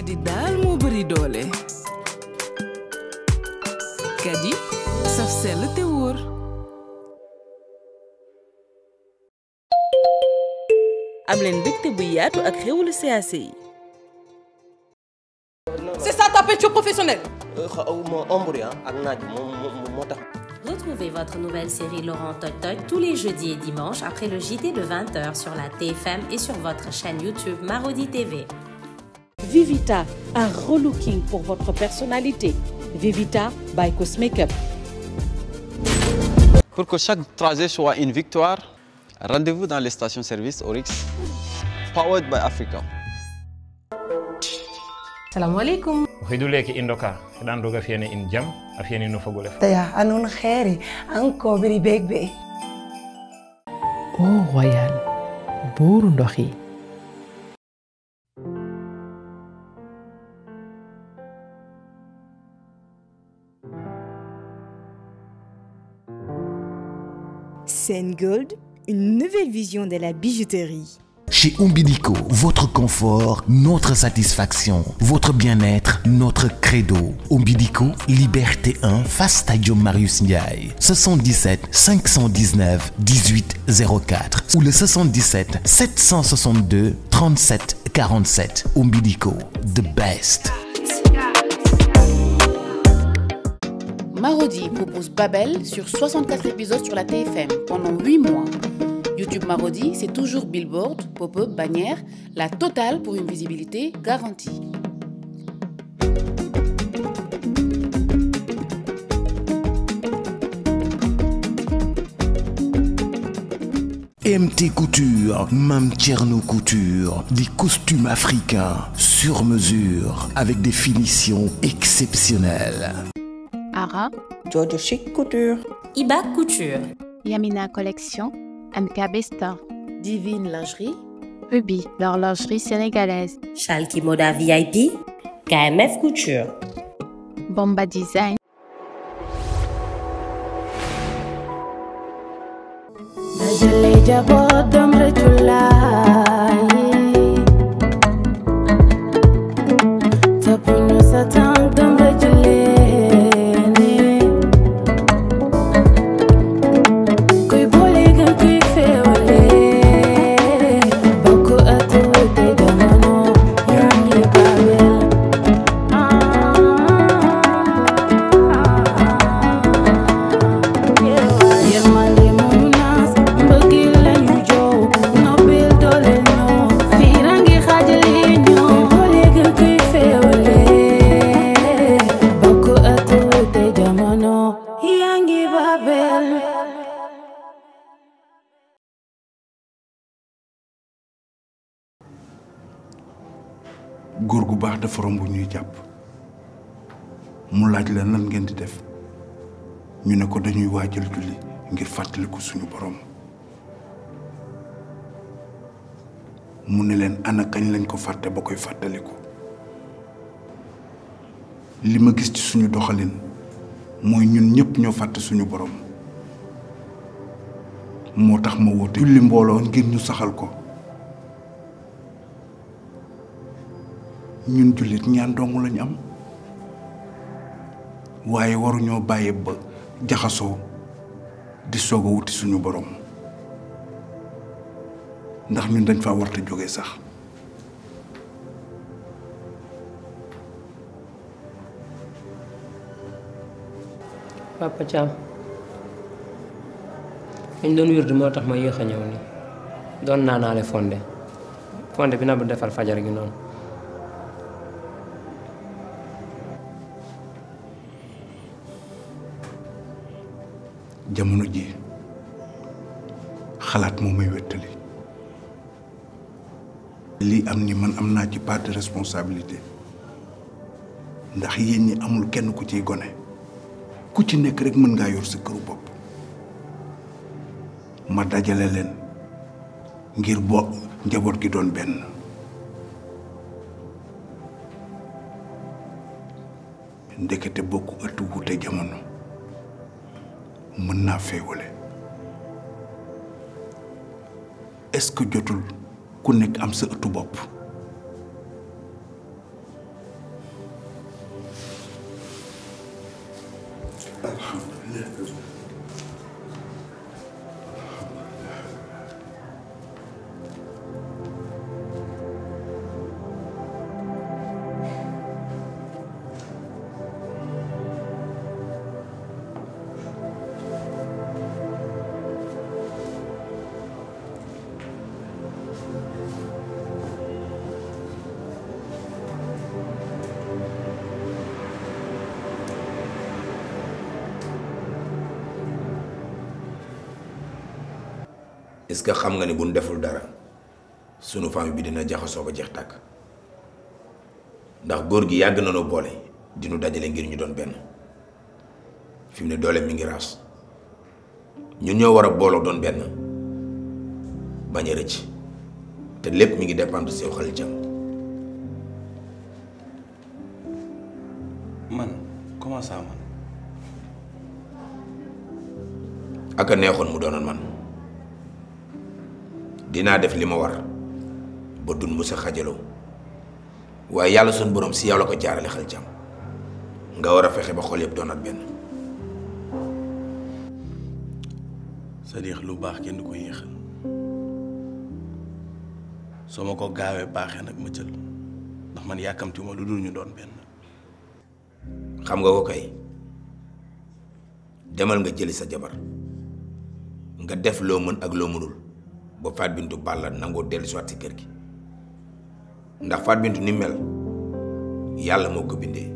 c'est ça ta petite professionnelle euh, euh, hein, Retrouvez votre nouvelle série Laurent Toc tous les jeudis et dimanches après le JT de 20h sur la TFM et sur votre chaîne YouTube Marodi TV. Vivita, un relooking pour votre personnalité. Vivita by Cosmakeup. Pour que chaque trajet soit une victoire, rendez-vous dans les stations-service Orix, powered by Africa. Salam aleykum hiɗuleyke indoka dan doga fiyani in jam, a fiyani no fagole taya anun heere anko biri begbe Oh royal boru dohi Gold, une nouvelle vision de la bijouterie. Chez Umbilico, votre confort, notre satisfaction, votre bien-être, notre credo. Umbilico, Liberté 1, face Stadium Marius Ndiaye. 77 519 1804 ou le 77 762 37 47. Umbilico, the best. Marodi propose Babel sur 64 épisodes sur la TFM pendant 8 mois. YouTube Marodi, c'est toujours billboard, pop-up, bannière, la totale pour une visibilité garantie. MT Couture, Mam Tcherno Couture, des costumes africains sur mesure avec des finitions exceptionnelles. George Chic Couture, Iba Couture, Yamina Collection, MKB Store, Divine Lingerie, Ruby, l'horlogerie sénégalaise, Chalki Moda VIP, KMF Couture, Bomba Design, fàttali ko li ma gis ci suñu doxalin mooy ñun ñëpp ñoo fàtte suñu borom moo tax ma woote julli mbooloo ngir ñu saxal ko ñun jullit ñaan dong lañu am waaye waruñoo bàyyi ba jaxasoo di soog a wuti suñu borom ndax ñun dañ faa warta jóge sax papa cham ñu doon wirdu mo tax ma yéex a ñëw ni doon naanaale fondé fondé bi na bu defal fajar gi non jamono ji xalaat mo may wettali li am ni man amna ci part de responsabilité ndax yeen ni amul kenn ku ci gone ku ci nekk rek mën ngaa yor sa këru bopp ma dajale leen ngir bo njaboot gi doon benn ndekete bokk ëtt wuute jamono mën naa féewale est-ce que jotul ku nekk am sa ëttu bopp est-ce que xam nga ne bu nu deful dara sunu famille bi dina jaxasoo ba jeex tàkk ndax góor gi yàgg na noo boole dinu nu dajale ngir ñu doon benn fi mu ne dooleem mi ngi raas ñu ñoo war a booloo doon benn bañ a rëcc te lépp mi ngi dépendre sew xel jàmm. man comment ça man. ak a neexoon mu doonoon man. dina def lima war ba dun musa sa xajaloo yalla sun borom si yow la ko jaarale xel jam nga wara fexé ba xol yeb doonat benn cest à lu bax kenn ko yexal sama ko gaawee baxé nak ma jël ndax man lu dul ñu doon ben xam nga ko kay demal nga jël sa jabar nga def lo mën ak lo mënul ba Fatou Bintou Balla nangoo dellusiwaat si kër gi ndax Fatou Bintou ni mel yàlla moo ko bindee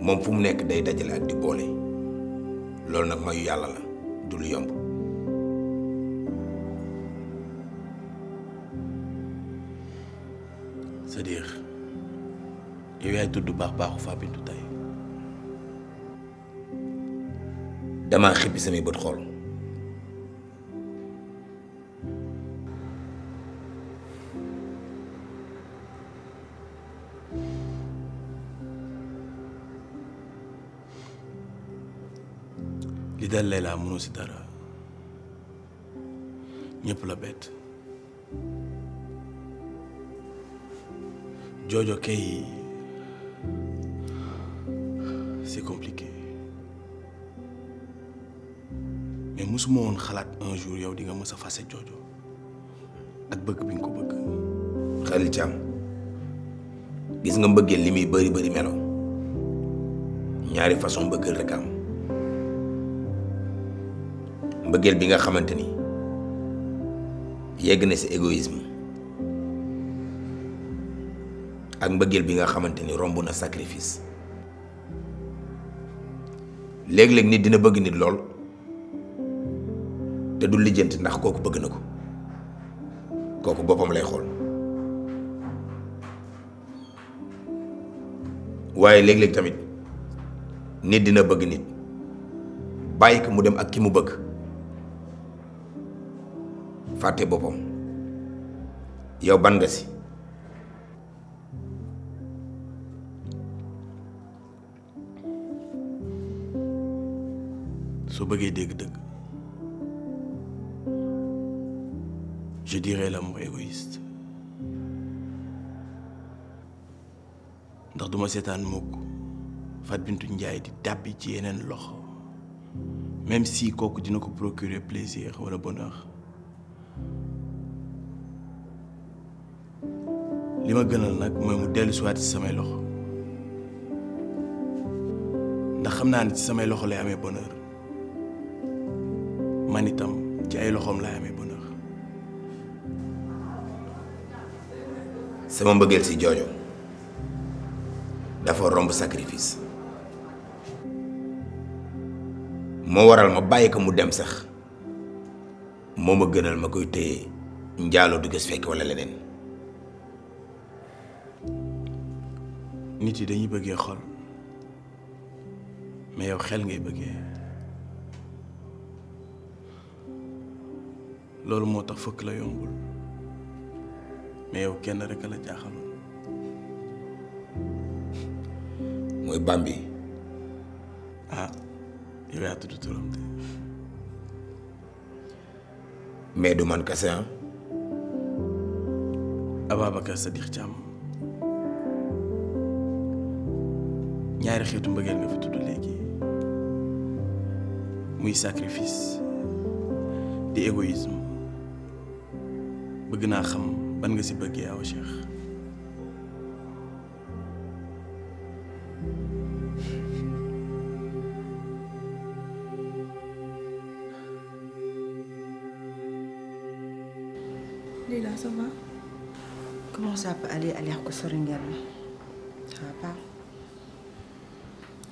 moom fu mu nekk day dajale ak di boole loolu nag mayu yàlla la du yomb. cest à yow yaay tudd baax baaxu Fatou Bintou tey damaa xippi samay bët xool. gisee Leila mënu si dara ñëpp la bett Jojo kay c'est compliqué mais musuma xalaat un jour yow di nga mës a fase Jojo ak bëgg bi nga ko bëgg. Khalil Thiam gis nga mbëggeel li muy bëri bëri melo ñaari façon mbëggeel rek am. mbëggeel bi nga xamante ni yegg na si égoïsme ak mbëggeel bi nga xamante ni romb na sacrifice léegi léeg nit dina bëgg nit lool te du lijjanti ndax kooku bëgg na ko kooku boppam lay xool waaye léeg-léeg tamit nit dina bëgg nit bàyyi ko mu dem ak ki mu bëgg faté bopom yow ban nga si soo bëggee dégg-dëgg je dirais l'amour égoïste ndax duma sétane mukk Fat Bintou Ndiaye di tàbbi ci yenen loxo même si koku dina ko procurer plaisir wala bonheur li ma gënal nag mooy mu dellu si ci samay loxo ndax xam naa ne ci samay loxo lay amee bonheur man itam ci ay loxoom lay amee bonheur. sama mbëggeel si joojo dafa romb sacrifice moo waral ma bàyyi ko mu dem sax moo ma gënal ma koy téye njaaloo du gis fekk walla leneen. nit yi dañuy bëggee xol mais yow xel ngay bëggee loolu moo tax fëkk la yombul mais yow kenn rek la jaaxaloon mooy Bambi ah yow yaa tudd turam mais du man kese ah Ababacar Sadikh Thiam ñaari xeetu mbëggeel nga fa tudd léegi muy sacrifice di égoïsme bëgg naa xam ban nga si bëgg aw Cheikh ça va Comment ça peut aller à l'air que ce ringard Ça va pas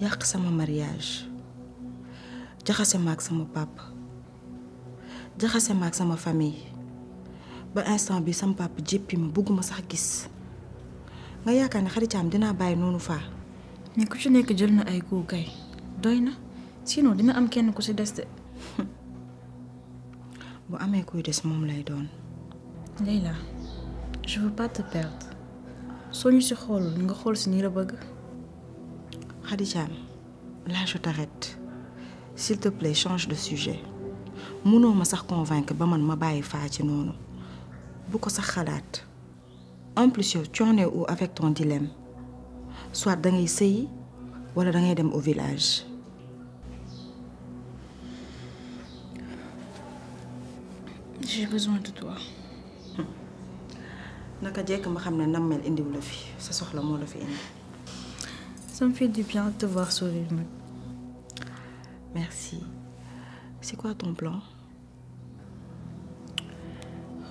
yàq sama mariage jaxase ma ak sama papa jaxase ma sama famille ba instant bi sama papa jéppi ma bëgguma sax gis nga yaakaar ne xaricaam dinaa bàyyi noonu faa mais ku ci nekk jël na ay coup doy na sinon dina am kenn ku ci des de bu amee kuy des moom lay doon Leila je veux pas te perdre soo ñu ci xoolul nga xool ci ni la Khadijam, là je t'arrête. S'il te plaît, change de sujet. ne ma pas convaincre ba man ma bàyyi faa ci noonu bu ko sax en plus tu en es où avec ton dilemme soit da ngay sëyi wala da ngay dem au village. j'ai besoin de toi. naka jekk ma xam ne nammel indiwu la fi sa soxla moo de fi indi. Ça me fait du bien de te voir sourire. Merci. C'est quoi ton plan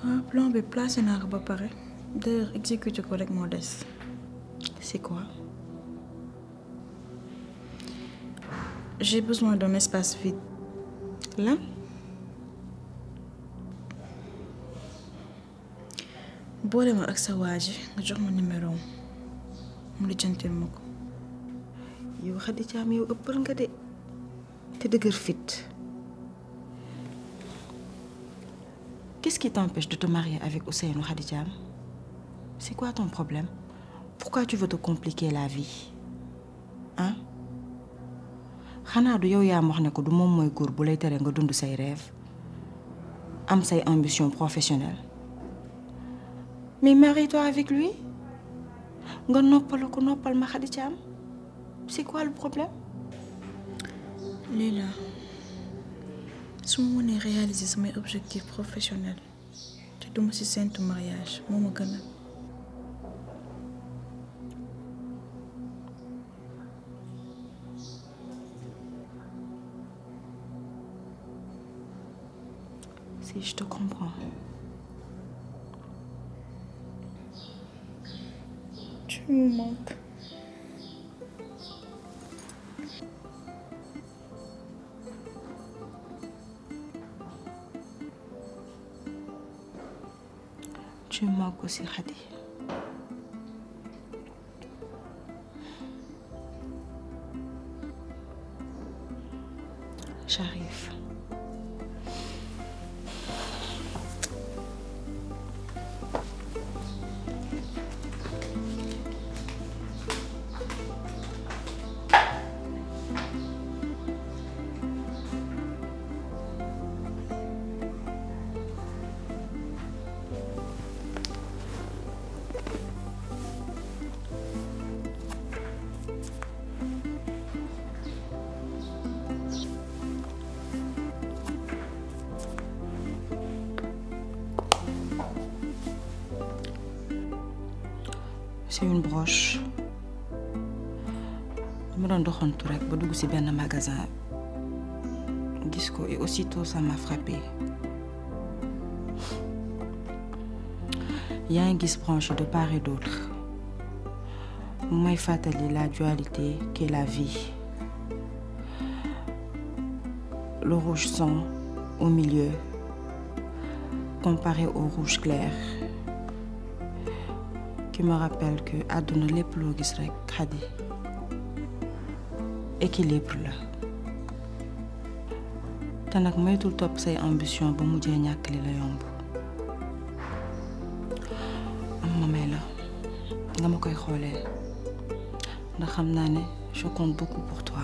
Un plan de place un arabe pareil. D'ailleurs, exécute collègue modeste. C'est quoi J'ai besoin d'un espace vide. Là boole mon ak sa waa mon numéro am mu lijjantil yow Khadija Thiam yow ëppal nga de te dëgër fit qu'est-ce qui t'empêche de te marier avec Ousseynou Khadija..? c'est quoi ton problème pourquoi tu veux te compliquer la vie Hein xanaa du yow yaa wax ne ko du moom mooy góor bu lay tere nga dund say rêve am say ambition professionnelle mais marie-toi avec lui nga noppal ko noppal ma Khady Thiam c'est quoi le problème Lila Si je veux réaliser mes objectifs professionnels dois duma dans un mariage moo si je te comprends tu me manques je manques aussi Khady une broche me suis dit que ba magasin et aussitôt ça m'a frappé Il a un guise branche de part et d'autre moi faut la dualité qu'est la vie le rouge sang au milieu comparé au rouge clair qui me rappelle que àdduna lépp loo gis rekk Khady équilibre là. te nag moytul topp say ambition ba mujjee ñàkk li la yomb am ma may la nga ma koy xoolee ndax xam naa ne je compte beaucoup pour toi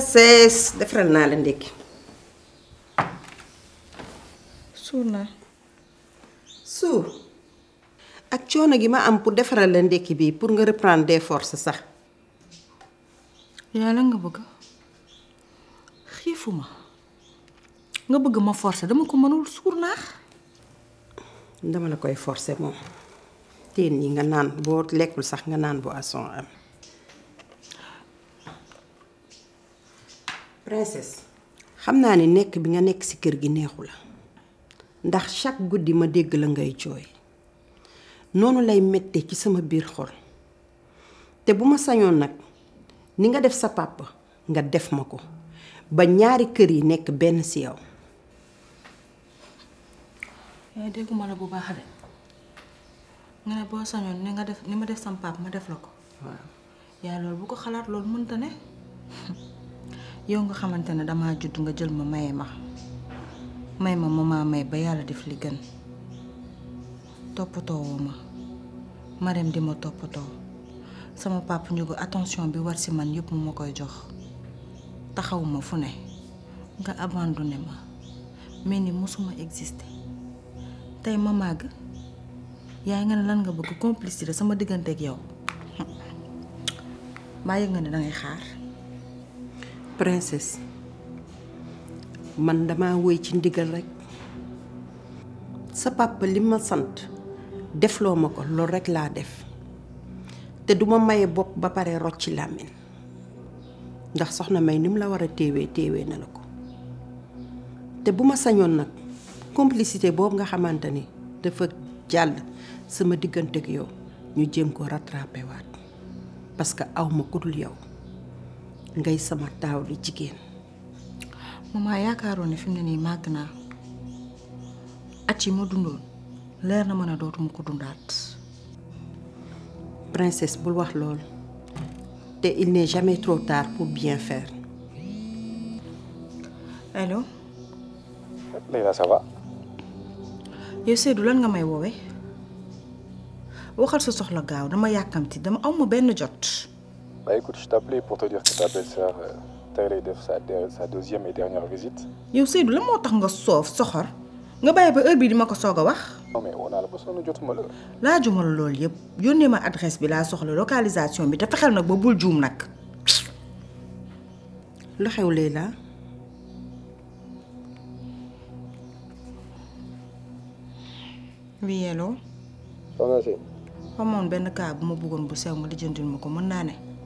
ses sees defaral naa ya, la ndékki suur ak choona gi ma am pour defal la ndek bi pour nga reprendre des forces sax yàlla nga bëgg xifuma nga bëgg ma forcer dama ko mënul surna dama la koy forcer moom teen yi nga naan bo lekul sax nga naan bo asson am princesse xamna ni nek bi nga nek si kër gi neexu la ndax chaque goudi ma dégg la ngay joy nonu lay mette ci sama bir xol te buma sañon nak ni nga def sa papa nga def mako ba ñaari kër yi nek ben ci yow yaay eh, la bu baax de nga ne bo sañon ni nga def ni ma def sam papa ma def lako ko waaw bu ko xalaat mën ta ne yow nga xamantene dama damaa judd nga jël ma maye ma may ma mama may ba yalla def li gën topoto ma marem di ma topoto sama papa ñu ko attention bi war si man yëpp mu Takau jox taxawuma fu ne nga abandoner ma meni musuma exister tay ma yaay nga lan nga bëgg complicité sama digënté ak yow baa yëg nga ne ngay xaar princesse man dama woy ci ndigal rekk sa papa li ma sant defloo ma ko loolu rekk laa def te duma maye bopp ba pare rocc ci làmmiñ ndax soxna may ni mu la war a téewee téewee na la ko te bu ma sañoon nag complicité boobu nga xamante ni dafa jàll sama diggante yow ñu jéem ko rattrapé waat parce que aw ma ku dul yow ngay sama taaw di jigéen maman yaakaaroon ne fi mu ne nii màgg naa at yi ma dundoon leer na mën a dootuma ko dundaat princesse bul wax lool te il n'est jamais trop tard pour bien faire allo Leila ça lan nga may woowe waxal sa soxla gaaw dama yàkkamti dama aw ma benn jot Bah écoute, je t'appelais pour te dire que ta belle-sœur euh, tey def sa sa deuxième et dernière visite. yow Seydou la moo tax nga soof soxor nga bàyyi ba heure bii di ma ko soog a wax. non mais on a la ba sonn jotuma la. laajuma la loolu yëpp yónnee ma adresse bi laa soxla localisation bi te fexeel nag ba bul juum nag. lu xew Leila. oui c'est? Comment on amoon benn cas bu ma bëggoon bu sew nga lijjantil ma ko mën naa ne.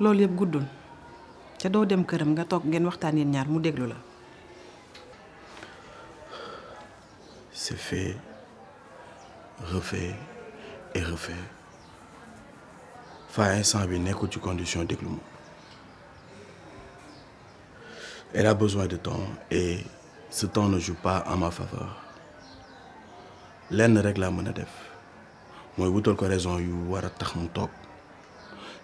loolu yëpp guddoon ca doo dem këram nga toog ngeen waxtaan yéen ñaar mu déglu la. c'est fait refait et refait Faye instant bi nekkul ci condition déglu ma elle a besoin de temps et ce temps ne joue pas en ma faveur lenn rek laa mën a def mooy wutal ko raison yu war a tax mu toog.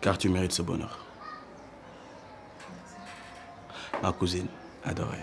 car tu mérites ce bonheur. Ma cousine adorée.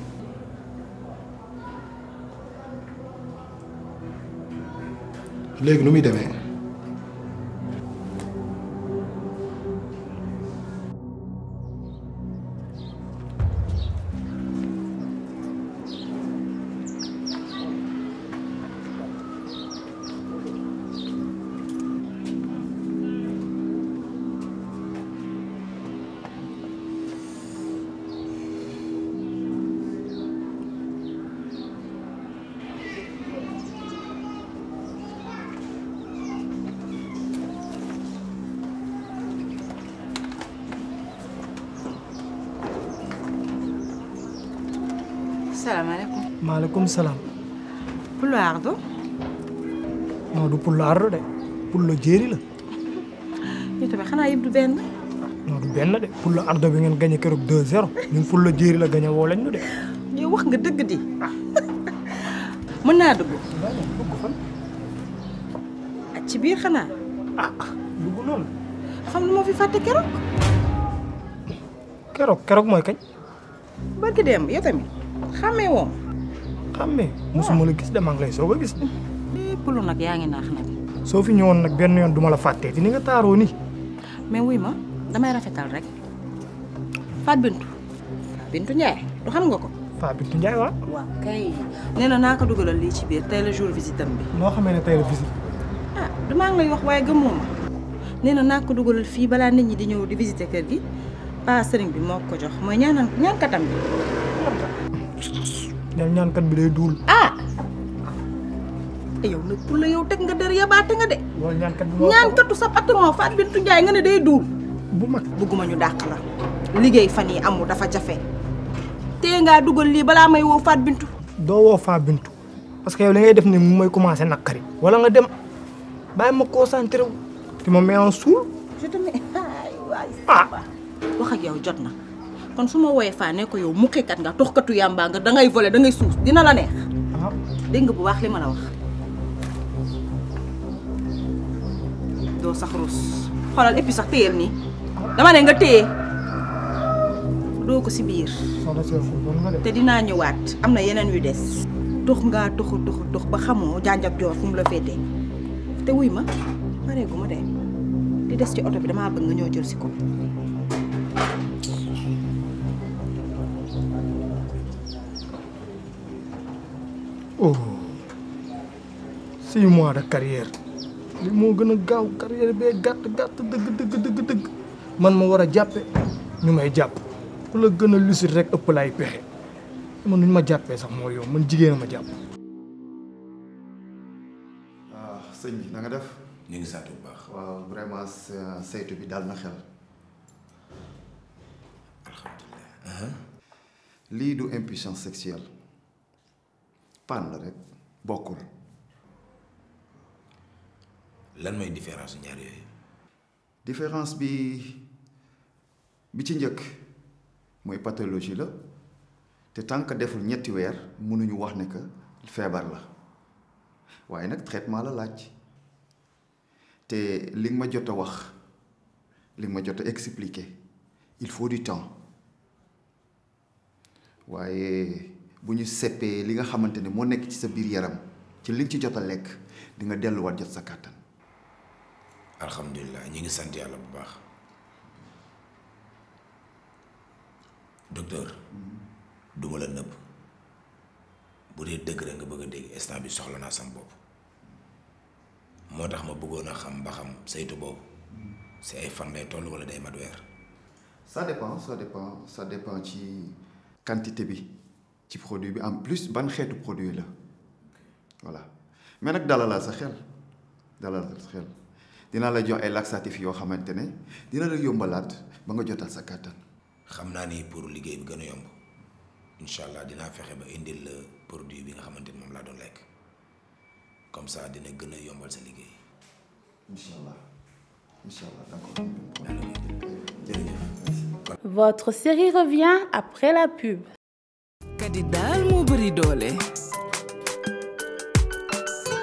léegi nu muy demee salaam. pulaar du. non du pulaar de pula jéeri la. tamit xanaa yëpp du benn. non du de pula ardo bi ngeen gañe keroog 2-0 ñun pula la gañe lañ ñu de. wax nga dëgg di. naa dugg. Ah, biir xanaa. ah xam lu moo fi fàtte keroog. keroog keroog mooy kañ. barki dem yow tamit xàmmee woom musu mo la gis dama nglay so ba gis. pulul nag yaa ngi naax nag. fi ñewon nak ben yoon duma la fàttee ni nga taro ni mais wuy ma damay rafetal rek Fat Bintu. Bintu ñay du xam nga ko. fa Bintu ñay wa wa kay neena naka naa li ci biir tay la jour visitam bi. noo xamé ne tay la visite. ah duma nglay wax waye gëmoo ma neena na naa fi bala nit ñi di ñew di visiter kër gi pa serigne bi moko jox moy ñaanal katam bi. Nyanyian kan dulu. Ah. Ayo, lu pula yo tek nga der ya baate nga de. Wal ñaan kat mo. jangan kat sa patron fa bintu jaay nga ne day dul. Bu mag buguma ñu dakk la. Liggéey amu dafa jafé. Té nga duggal li bala may wo fat bintu. Do wo fa bintu. Parce que yow li ngay def ni moy commencer nakari. Wala nga dem bay ma kosan Tu me mets en sul. Je te mets. Ay Ah. Wax ak yow jot nak. kon su ma wooyee faa ne ko yow mukkikat nga katu yàmbaa nga dangay volé dangay suus dina la neex. dégg nga bu baax li ma la wax. doo sax rus xoolal et sax téyeel nii dama ne nga téye doo ko si biir. te dinaa ñëwaat am na yeneen yu des. tux nga tuxu tuxu tux ba xamoo janjab joor fu mu la féetee te wuy ma pareegu ma de di des ci oto bi damaa bëgg nga ñëw jël si ko. oh six ada karier, carrière li moo gën a gaaw carrière bee deg-deg, deg-deg. dëgg dëgg man ma war Jape. jàppe ñu may jàpp ku rek ëpp laay pexe man nu ñu ma jàppee sax moo yow man jigéen a ma jàpp waaw sëñ bi na nga def ñu ngi sant impuissance sexuelle paan bokul rek bokkul. lan mooy différence ñaar yoy différence bi bi ci ñëk moy pathologie la té tant que deful ñetti weer mënuñu wax né que fièvre la waaye nak traitement la laaj té ling ma jotta wax ling ma jotta expliquer il faut du temps waaye. buñu sépé li nga xamante mo nek ci sa bir yaram ci liñ ci jot lek di nga wat jot sa katan alhamdullilah ñi ngi sant yalla bu baax docteur duma la nëbb bu dé dëgg rek nga bëgg dégg instant bi soxla na sam bop motax ma bëggona xam ba xam saytu bop si ay fan lay toll wala day mat wër ça dépend ça dépend ça dépend ci quantité bi ci produit bi en plus ban xeetu produit la voilà mais nag dalala sa xel dalalal sa xel dina la jox ay laxatif yoo xamante ne dina la yombalaat ba nga jotal sa kàttan. xam naa ni pour liggéey bi gën a yomb incha allah dinaa fexe ba indil la produit bi nga xamante ni moom laa doon lekk comme ça dina gën a yombal sa liggéey. incha allah incha Votre série revient après la pub. di daal moo bari doole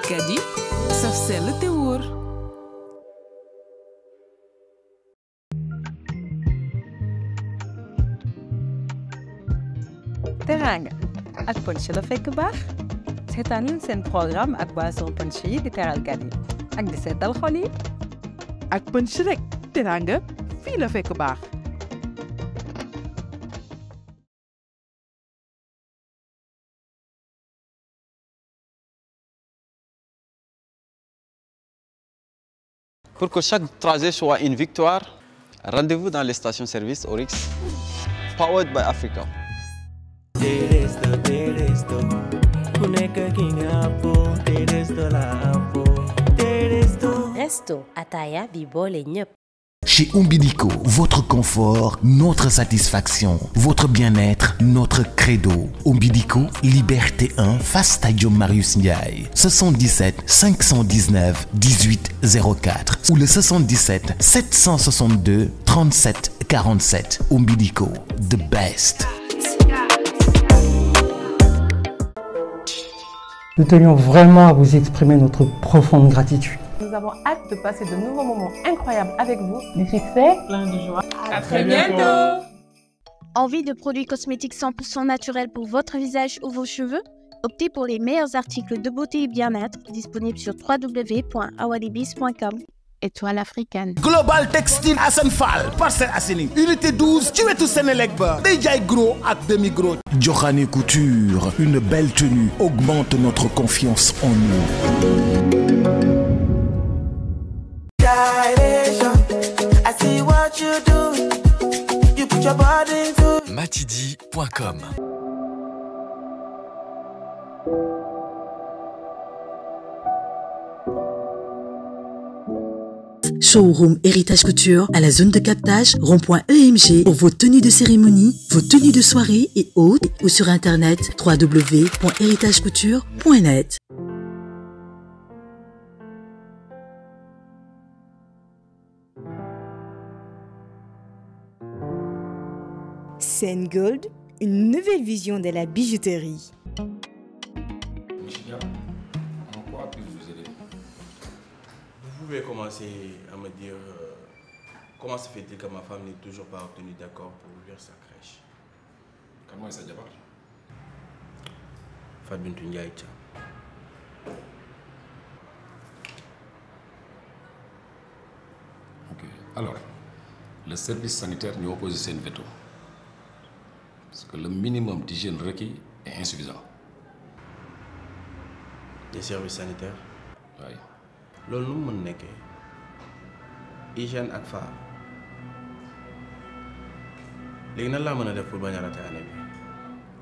kadi saf sell te wóor teraanga ak ponche la fekk baax seetaan leen seen programme ak boisson ponche yi di teral gan ak di seetal xol yi ak ponche rek teraanga fii la baax Pour que chaque trajet soit une victoire, rendez-vous dans les stations-service Orix, powered by Africa. Resto Ataya chez Umbilico, votre confort, notre satisfaction, votre bien-être, notre credo. Umbilico, Liberté 1, face Marius Ndiaye. 77 519 1804 ou le 77 762 37 47. Umbilico, the best. Nous tenions vraiment à vous exprimer notre profonde gratitude nous avons hâte de passer de nouveaux moments incroyables avec vous. Du succès, plein de joie. À, très, bientôt. Envie de produits cosmétiques 100% naturels pour votre visage ou vos cheveux Optez pour les meilleurs articles de beauté et bien-être disponibles sur www.awadibis.com. Étoile africaine. Global Textile Asenfal. Parcel Asseni. Unité 12. Tu es tout en Des Déjà gros à demi-gros. Johanné Couture. Une belle tenue augmente notre confiance en nous. Matidi.com Showroom Héritage Couture à la zone de captage rond.emg pour vos tenues de cérémonie, vos tenues de soirée et autres ou sur internet www.heritagecouture.net Gold, une nouvelle vision de la bijouterie. en quoi vous aider Vous pouvez commencer à me dire euh, comment se fait que ma femme n'est toujours pas obtenue d'accord pour ouvrir sa crèche Comment est-ce que Ok. Alors, le service sanitaire nous oppose une veto. Parce que le minimum d'hygiène requis est insuffisant. Les services sanitaires Oui. ce nu est mën hygiène ak faar léegi pour bañ la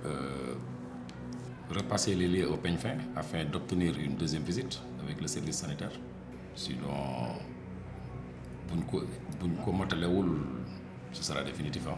euh, repasser les liens au peigne fin afin d'obtenir une deuxième visite avec le service sanitaire sinon buñ ko ce sera définitif hein.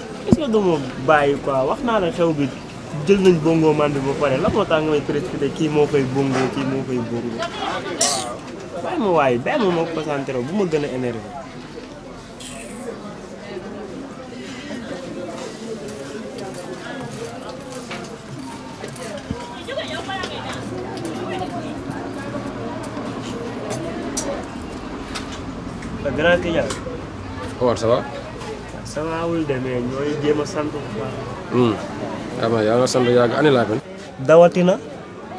est-ce que bàyyi quoi wax naa la xew bi jël nañ bongo man bi ba pare la moo tax nga may précipité kii moo koy bongo kii moo koy bongo bàyyi ma waaye bàyyi ma ma concentré bu ma gën a énervé. grand Tidiane. Omar ça sawaawul demee ñooy jéem a sant bu baax. waaw hmm. yaa nga sant yàgg année laa dawatina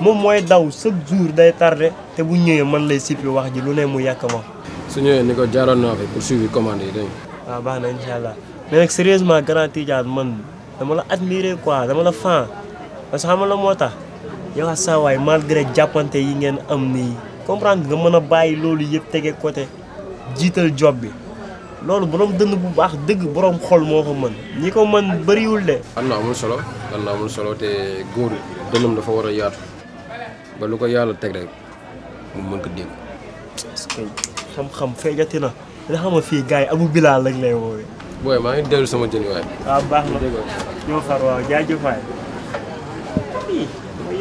moom mooy daw chaque jour day tardé te bu ñëwee man lay sippi wax ji lu ne mu yàq ma. su ñëwee ni ko jaaroon naa fi pour suivre commande yi dégg nga. waaw ah, baax na incha allah mais nag sérieusement grand Tidiane man dama la admirer quoi dama la fan parce que xam la moo tax yow a saa jàppante yi ngeen am nii comprendre nga mën a bàyyi loolu yëpp tege côté jiital job bi. loolu boroom dënn bu baax dëgg borom xol moo ko mën ñi ko man bariwul de. am na amul solo am na amul solo te góor dënnam dafa war a yaatu ba lu ko yàlla teg rek mu mën ko dégg. parce que xam-xam feejati na nga xam nga fii gars yi abu bilaal lañ lay woowee. booy maa ngi dellu sama jën waay. waaw ah, baax na ñoo far waaw jaajëf waay. ii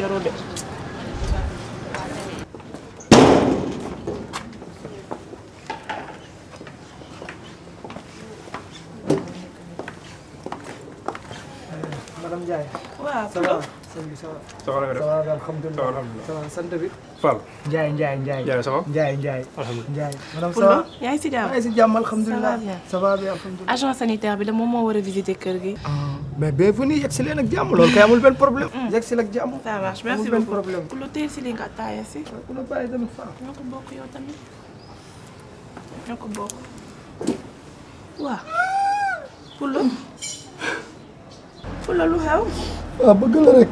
ma de. soxna nga def soxna nga alhamdulilah alhamdulilah sant bi. Fall. Ndiaye Ndiaye Ndiaye. Ndiaye ça va. Ndiaye Ndiaye. alhamdulilah Ndiaye. maanaam ça va. yaa ngi si jàmm yaa ngi si jàmm alhamdulilah. ça va bien alhamdulilah. agent sanitaire bi de moom moo war a visiter kër gi. Ah, mais bee fu nii yegg si leen ak jàmm loolu kay amul benn problème. yegg si la ak jàmm. ça marche merci beaucoup amul benn problème. ku la teel si li nga taayee si. ku la bàyyi tamit Fall. ñoo ko bokk yow tamit ñoo ko bokk waaw. Fula. Fula mm. lu xew. waaw ah, bëgg la rek.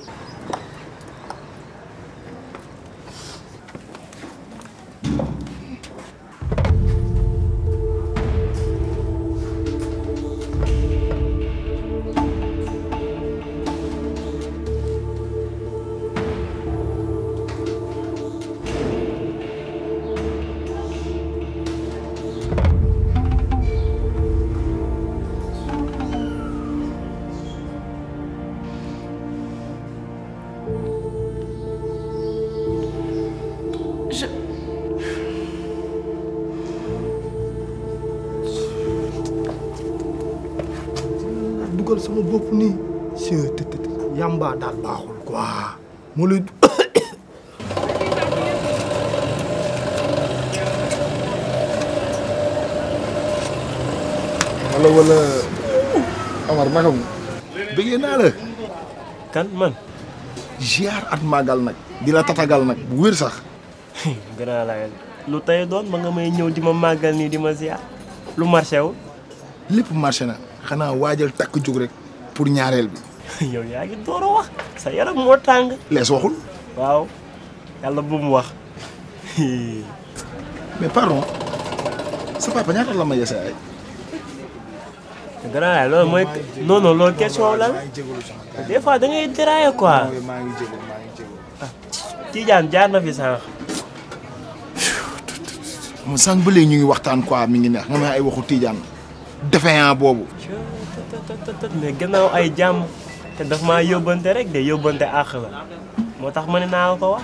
sama bopp nii c yamba dal baxul quoi mo lay wala wala Amar magam bege na la kan man ziar at magal nak dila tatagal nak bu wir sax gëna la yel lu tay doon ma nga may ñew di ma magal ni di ma ziar lu marché wu lepp marché na xana waajal tak jóg rek pour ñaarel bi yow yaagi ngi wax sa yaram mo tang les waxul waw yalla bu mu wax mais pardon sa papa ñaar la ma yese ay grand lo moy non non lo question la des fois da ngay dérailler quoi ah, maa ngi jégalu maa ngi jégalu ah, Tidiane jaar na fi sax mo sang bu lay ñu ngi waxtaan quoi mi ngi neex nga may ay waxu Tidiane défaillant bobu tët mais gannaaw ay jàmm te daf maa yóbbante rek de yóbbante àq la moo tax ma ne naa ko wax.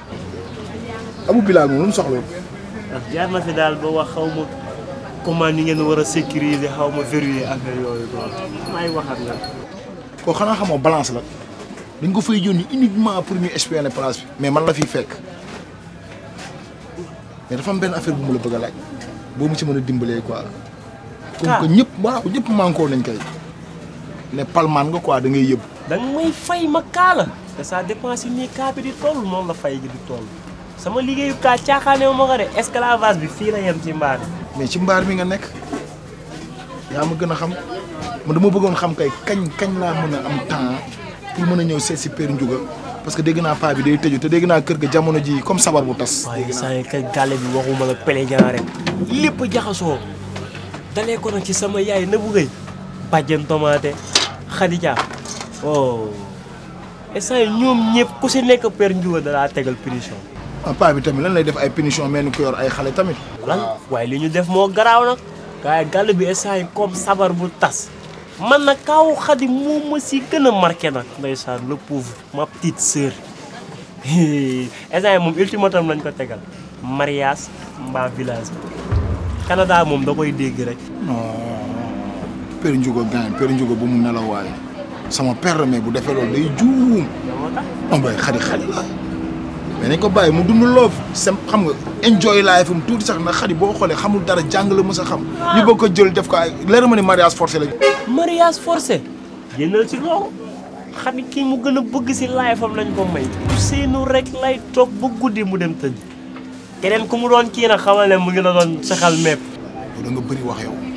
Abou Bilal moom lu mu soxla ndax jaar na fi daal ba wax xaw ma comment ni ngeen war a sécuriser xaw ma verrouiller affaire yooyu quoi may waxaat la. koo xanaa xamoo balance la dañ ko fay yónni uniquement pour ñu espionner place bi mais man la fiy fekk mais dafa am benn affaire bu mu la bëgg a laaj boo mu ci mën a dimbalee quoi. comme que ñëpp waaw ñëpp manqué nañ koy. ne palman nga quoi da ngay yeb dang may fay ma kala da sa dépense ni ka bi di toll non la fay gi di toll sama liggéeyu ka tiaxane mo nga de esclavage bi fi la yam ci mbar mais ci mbar mi nga nek ya ma gëna xam man dama bëggoon xam kay kañ kañ la mëna am temps pour mëna ñëw sét ci père njuga parce que dégg naa paa bi day tëju te dégg naa kër ga jamono ji comme sabar bu tas waaye saa kay gàlle bi waxuma la pele jaa rek lépp jaxasoo dalee ko na ci sama yaay na bu gëy tomate Khadija oh instant yi ñoom ñëpp ku si nekk Père Ndiouga dalaa tegal punition. Ah, papa bi tamit lan lay def ay punition mel ni ku yor ay xale tamit. lan waaye li ñu def moo garaaw na waaye gàll bi instant yi comme sabar bu tas. man na kaaw Khady moom ma si gën a marqué nag. ndeysaan le pauvre ma petite sœur instant yi moom ultimatum lañ ko tegal. mariage mbaa village bi moom da koy rek. Père Ndiougo gaañ Père Ndiougo bu mu nelaw waaye sama père mais bu defee loolu day juum non mais xale xale la mais nañ ko bàyyi mu dund loof sem xam nga enjoy life am tuuti sax nag xadi boo xoolee xamul dara jàng la mës a xam. ñu bëgg ko jël def ko ay leer ma ne mariage forcé la. mariage forcé. génnal ci loolu. xam ni kii mu gën a bëgg si life am lañ ko may. seenu rek lay toog ba guddi mu dem tëj. keneen ku mu doon kii nag xamal ne mu ngi la doon saxal mépp. da nga bëri wax yow.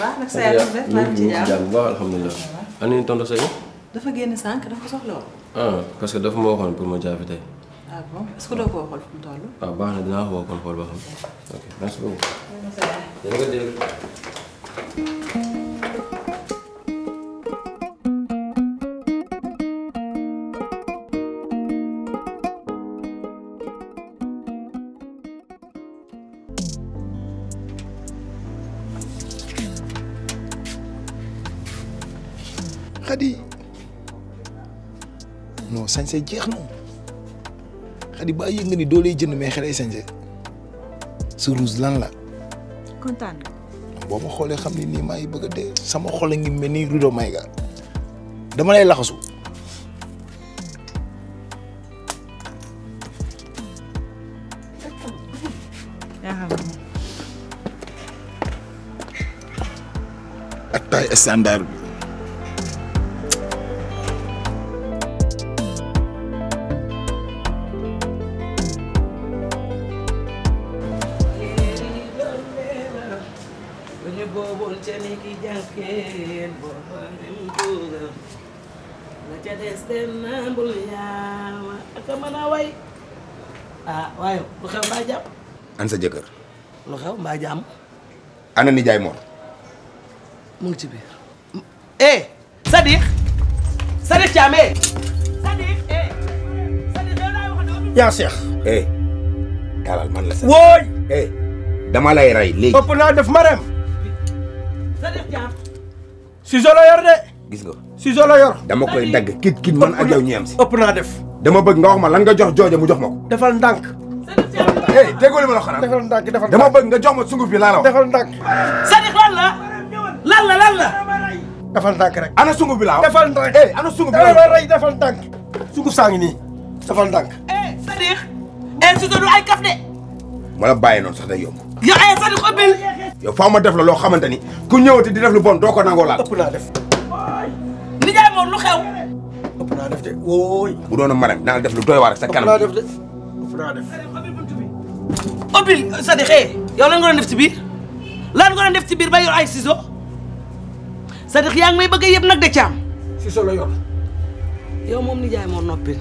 baax sa yaram def maa ngi ci jàmm baax alhamdulilah. ani tonton Seydou. dafa génn sànq dafa soxla woon. ah parce que dafa ma waxoon pour ma jaafi tey. Ah que doo ko waxoon fu mu toll. waaw ah, baax na dinaa ko waxoon xool ba xam. sanse jeexno xadi ba yeeng ni doo lay jënd mais xel ay sañse sa rouge lan la. contane bo ma xam ni nii maa bëgg sama xolé ngi mel ni Rudo Mayga dama lay laxasu. standard nijaay jaam. ana nijaay Mor. mu ngi ci biir. eh Sadiq Sadiq Thiam eh. Sadiq eh Sadiq yow laay wax de. yaa Cheikh. eh dalal eh, man la. wooy eh dama lay rey léegi. ëpp naa def marem. Sadiq Thiam. ciseau la yor de. gis nga. ciseau la yor. dama koy dagg kit kit man ak yow ñu am si. ëpp naa def. dama bëgg nga wax ma lan nga jox mu jox defal eh déggoo li ma la xanaa. defal ndànk defal ndànk dama bëgg nga jox ma sunguf bi laa la wax. defal ndànk. Sadikh lan la lan la lan la. rek. ana sunguf bi laa wax. defal ndànk eh ana nii defal ndànk. eh Sadikh. Eh, institut du ma la bàyyi noonu sax day yomb. Eh, yow eh Sadikh ubbil. yow ma def la loo xamante ni ku ñëwati di def lu bon doo ko nangoo laal. ëpp naa def. lu xew. def de wooy. bu doon a maram naa def lu doy waar sa kanam. def de obile c'est-à-dire eh yow lan nga doon def ci biir lan nga doon def ci biir ba yor ay ciseaux c'est-à-dire yaa ngi may bëgg a yëpp nag de caam. ciseaux la yor. yow moom nijaay moo noppi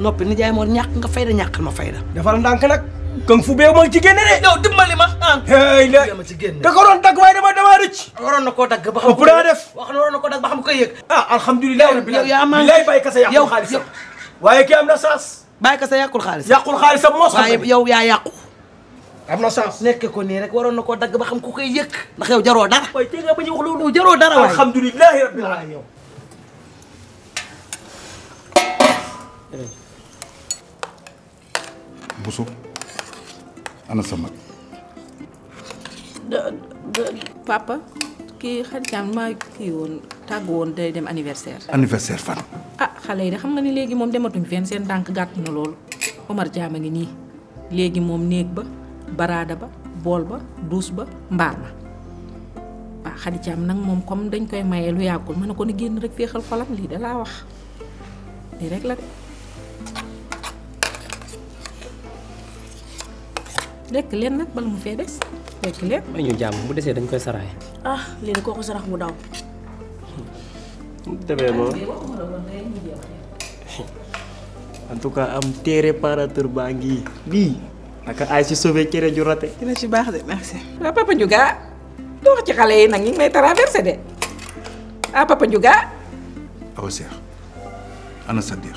noppi nijaay moo ñàkk nga fayda ñàkkal ma fayda. defal ndànk nag. kën fu beew ma ci génne de. yow dimbali ma ah. hey la ma ci génne. da ko doon dagg waaye dama dama rëcc. waroon na koo dagg ba xam. ëpp naa def wax na waroon na koo dagg ba xam ko yëg. ah alhamdulilah rabbil aalamiin lay bàyyi kasa yàqul xaalis. waaye kii am na saas. bàyyi kasa yàqul xaalis. yàqul xaalis am moo. waaye yow yaa yàqu. amna na sens nekk ko ni rek waroon nako dag ba xam ku koy yek ndax yow jaro dara way te nga bañu wax lolu jaro dara waaye alhamdulilahi rabbil alamin yow eh. ana sa papa ki xaritam ma ki won tàgg won day dem anniversaire anniversaire fan ah xalé yi xam nga ni léegi mom dematuñ fen sen tànk gatt na lolu Omar Jaam a ngi mom léegi moom ba barada ba bol ba duus ba mbar ma waaw khadija am nak mom comme dañ koy maye lu yàggul ma ko ni genn rek fexal xolam li da laa wax li rek la rek len nak bal mu fe dess rek leen ma ñu jamm bu dañ koy saray ah li da kooku sarax mu daw demee mo en tout cas am téré parateur bi naka ay si sauvé cere ju roté dina ci bax dé merci ah papa juga dox ci xalé yi nak ñi may traverser dé ah papa juga aw cheikh ana sa sadiq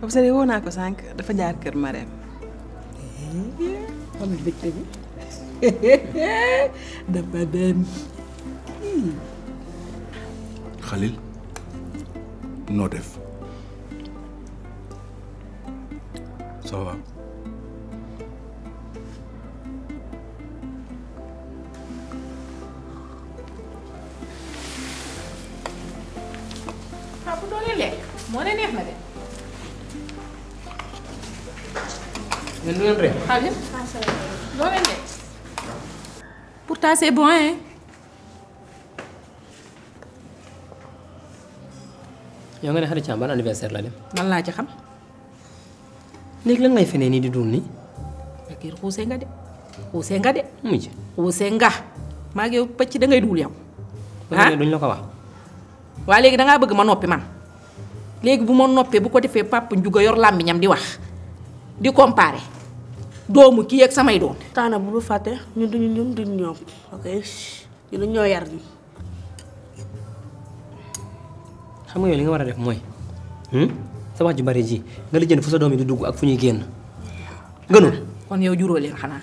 papa sadiq wona ko sank dafa jaar kër maré marem am bëkté bi da ba dem khalil no def ça va papa bu doole lekk nih ne neex na de. ngeen doon rek. Habib doole lekk. pourtant c'est bon hein. yow ada ne xarit Thiam ban anniversaire la dem. man di dund nii. Bakir xuuse nga de xuuse nga de. mujj xuuse nga maa ngi dulu pàcc da waaye léegi da ngaa bëgg ma noppi man léegi bu ma noppee bu ko defee papa njuga yor ñam di wax di comparer doomu kii ak samay doon. taana bu lu fàtte ñu duñu ñun duñu ñoom ok ñun ñoo yar ñi. xam nga yow li nga war a def mooy hmm? sa wax ju bari ji nga jënd fu sa doom yi di dugg ak fu ñuy génn gënu. kon yow juróo leen xanaa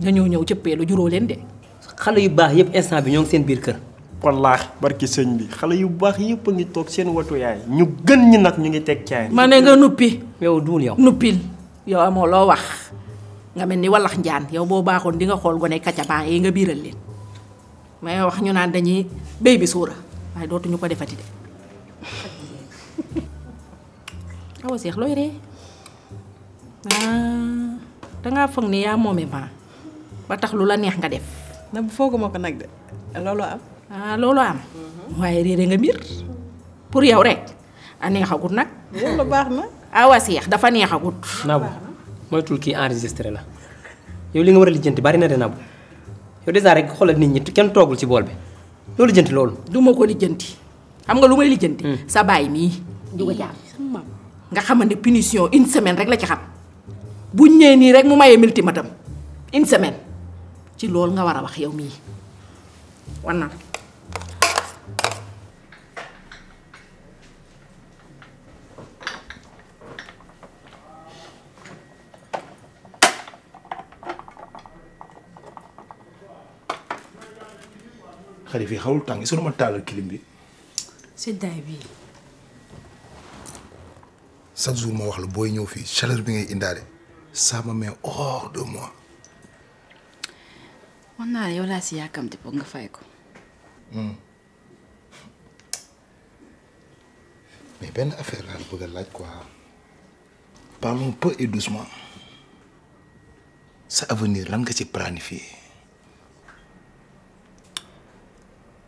dañoo ñëw cëppee lu juróo leen de. xale yu baax yëpp instant bi ñoo ngi seen biir kër wallahi barki señ bi xalé yu bax yépp ngi tok seen watu yaay ñu gën ñi nak ñu ngi tek ma ne nga nuppi yow duul yow nuppil yow amo lo wax nga melni walax njaan yow bo baxon di nga xol gone kacaba yi nga biral leen may wax ñu naan dañuy baby sura way dootu ñu ko defati de awa seex loy re ah da nga fogg ni ya momé ba ba tax lu la neex nga def na bu foguma ko nak de am ah loolu am. waaye réere nga mbir pour yow rek a ah, neexagut nag. loolu baax na. awa ah, seex dafa neexagut. Naabu moytul kii enregistré la yow li nga war a lijjanti bari na de Naabu yow dèjà rek xoolal nit ñi kenn toogul ci bool bi loolu lijjanti loolu. du ma ko lijjanti xam nga lu may lijjanti. Hmm. sa baay mii di ko jaar. nga xamante punition une semaine rek la ci xam bu ñëwee nii rek mu mayee multimatam une semaine ci loolu nga war a wax yow mii xarit yi xawul tàng sunu ma taalal kilim bi. seddaay bi. chaque jour ma wax la booy ñëw fii chaleur bi ngay indaale ça oh, ma met hors de moi. wan naa la yow laa si yàkkamte pour nga fay ko. Hmm. mais benn affaire laa bëgg a laaj quoi. parlons peu et doucement. sa avenir lan nga ci planifier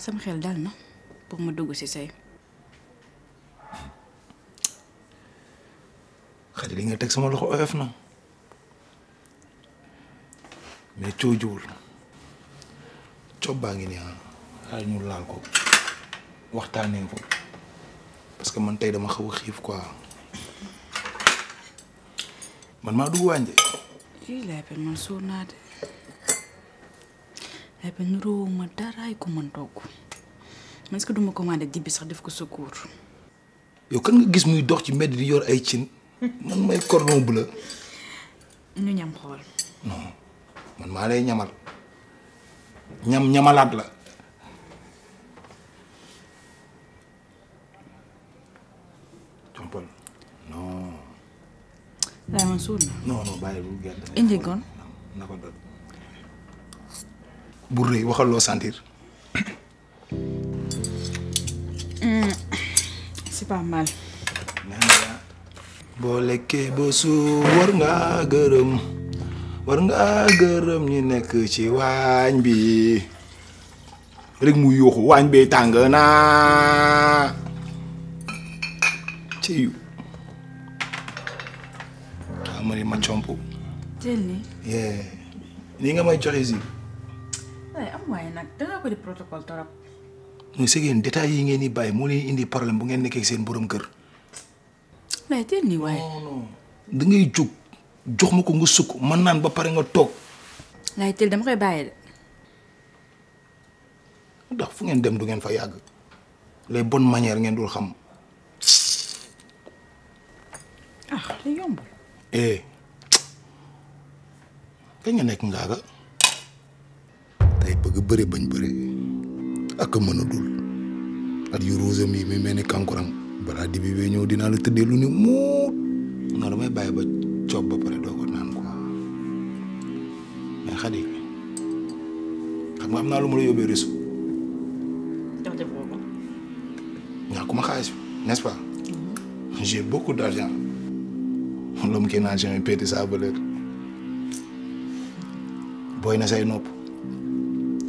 sama xel dal na pour ma dugg ci say. xarit li nga teg sama loxo oyof na mais coojuwul coob baa ngi nii ah ñu laal ko waxtaanee ko parce que man tey dama xaw a xiif quoi man maa dugg wànje. lii laa man suur naa de. aywa nuroo ma daraay ko mën togg man est-ce que du ma commandé sax def ko secours. yow kan nga gis muy dox ci mbedd di yor ay cin man may cordon bleu. ñu ñam xol non man ma lay ñamal ñam ñamalat la. compal non. daa ma suur non non baye bu gedd indi gon na ko bu rëy waxal loo sentir. Mm. c'est pas boo lekkee ba suur war ngaa gërëm war ngaa gërëm ñu nekk ci waañ bi rek mu yuuxu waañ bee tàng naa ci yu waaw ma ne ma comp. nga may joxe si. wallahi am waaye nag di protocole torop muy segeen détails yi ngeen di bàyyi moo leen indi problème bu ngeen nekkee seen borom kër mais teel nii waaye non da ngay jóg jox ma nga sukk man naan ba pare nga koy ndax fu dem du ngeen fa yàgg les bonnes dul xam ah te eh kañ nga nekk gu bëri bañ bëri ak mën dul at yu rose mi mi melni kankuram bala di bi bee dina la tëddee lu ni na la may baye ba ciob ba pare do ko nan ko mais xadi xam nga amna lu mu la ko ma nest pas mhm. j'ai beaucoup d'argent l'homme qui n'a jamais pété sa valeur boy na say nopp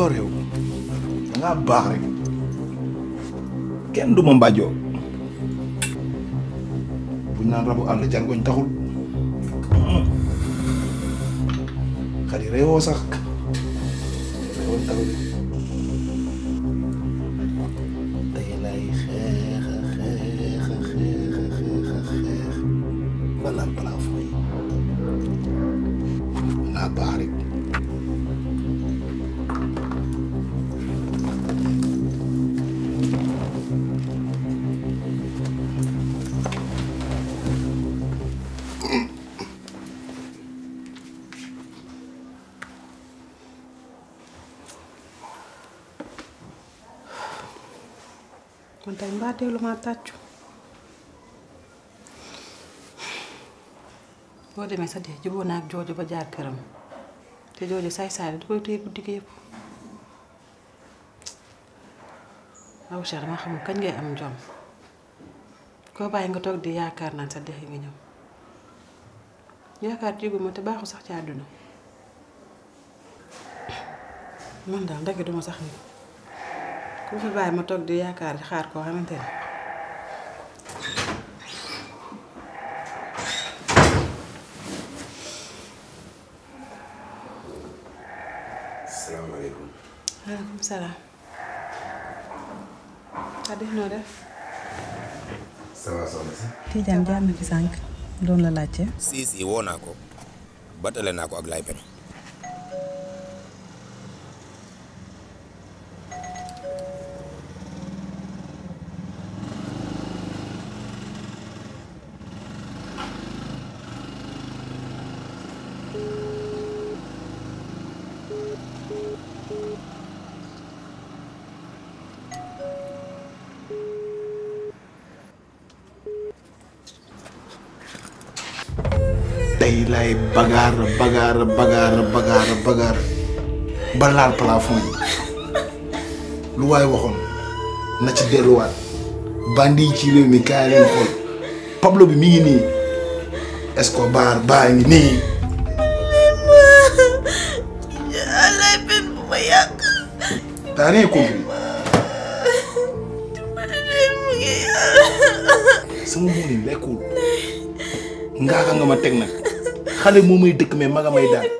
sooreewu da ngaa baax rek kenn du ma mbàjjoo buñ naan rabu àll jàngooñ taxul xar yi sax réewoon maa tàccu boo demee sa dee juboo naa ak jooju ba jaar këram te jooju saay-saay la du koy téye guddi gi yëpp aw Cheikh xamul kañ ngay am jom koo bàyyi nga toog di yaakaar naan sa dee nga ñëw yaakaar jiguma te baaxul sax ci àdduna man daal ndeke duma sax nit ku fi bàyyi ma toog di yaakaar di xaar koo xamante ne maaleykum salaam. Adix noo def. ça va soxna si. ci sànq doon la laajte. si woo naa ko batale naa ko ak laay pen ay bagar bagar bagar bagar bagar ba laal plafond yi lu waay waxoon na ci delluwaat bandi ci réew mi kaay leen xool Pablo bi mi ngi nii Escobar baa ngi nii yàlla benn bu ma yàq daa rien compris nga ma teg nag xale moo may dëkk mais maga may daal